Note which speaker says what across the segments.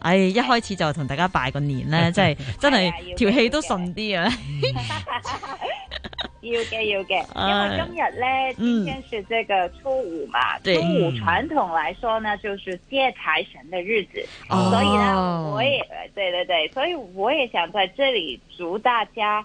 Speaker 1: 哎，一開始就同大家拜個年咧，真係真係條氣都順啲啊！
Speaker 2: 要嘅要嘅，因為今日咧，今天是這個初五嘛，mm. 初五傳統來說呢，就是接財神的日子，oh. 所以呢，我也對對對，所以我也想在這裏祝大家。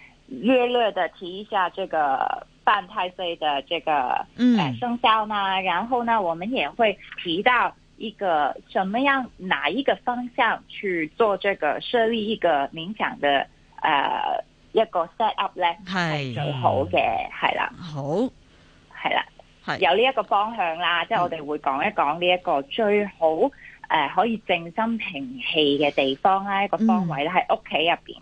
Speaker 2: 略略的提一下這個犯太歲的這個嗯生肖呢，嗯、然後呢，我們也會提到一個怎麼樣，哪一個方向去做這個設立一個冥想的，誒、呃、一個 set up 呢係是最好的係啦，好係啦，是有呢一個方向啦，即係是我哋會講一講呢一個最好誒、嗯呃、可以靜心平氣嘅地方啦一個方位咧，喺屋企入邊。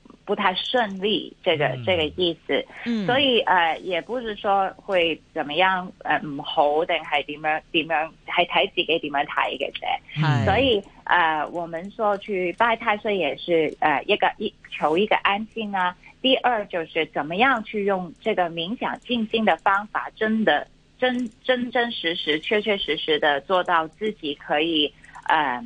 Speaker 2: 不太順利，這個這個意思，嗯嗯、所以呃也不是說會怎麼樣，呃、猴還樣還樣嗯，唔好定係點樣點樣，係睇自己點樣睇嘅啫。所以呃，我們說去拜太歲也是呃一個一求一個安心啊。第二就是怎麼樣去用這個冥想靜心的方法，真的真真真實實、確確實實的做到自己可以，嗯、呃。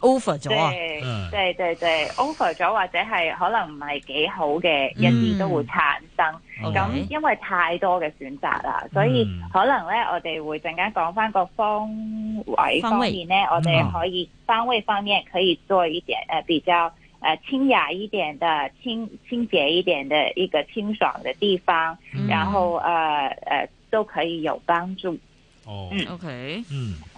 Speaker 1: over 咗、啊，
Speaker 2: 對對對 over 咗，或者係可能唔係幾好嘅一啲都會產生。咁、嗯、因為太多嘅選擇啦，嗯、所以可能咧我哋會陣間講翻個方位方面咧，位我哋可以方位方面可以做一點誒、啊呃，比較誒、呃、清雅一點的清清潔一點嘅一個清爽嘅地方，然後誒誒、嗯呃呃、都可以有幫助。哦，OK，嗯。
Speaker 3: Okay。嗯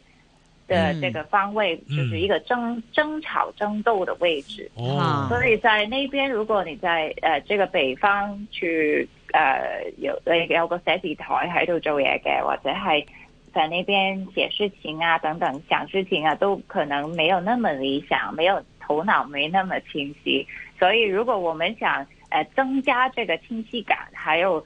Speaker 2: 的、嗯嗯、這個方位就是一個爭爭吵爭鬥的位置，哦、所以在那邊，如果你在呃這個北方去呃有有個寫字台喺度做嘢嘅，或者係在那邊寫事情啊等等想事情啊，都可能沒有那麼理想，沒有頭腦沒那麼清晰。所以如果我們想誒、呃、增加這個清晰感，還有。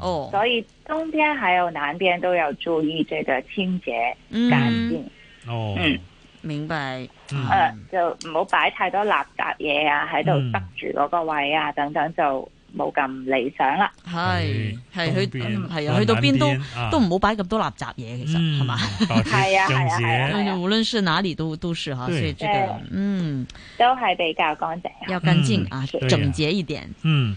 Speaker 2: 哦，所以東邊還有南邊都要注意這個清潔乾淨哦。嗯，明白。嗯，就唔好擺太多垃圾嘢啊，喺度塞住嗰個位啊，等等就冇咁理想啦。
Speaker 3: 係
Speaker 1: 係去係啊，去到邊都都唔好擺咁多垃圾嘢，其實
Speaker 2: 係嘛？
Speaker 4: 係啊係啊係啊，
Speaker 1: 無論是哪裏都都是哈，所以這個嗯都係比較乾淨，要乾淨啊，整潔一點
Speaker 4: 嗯。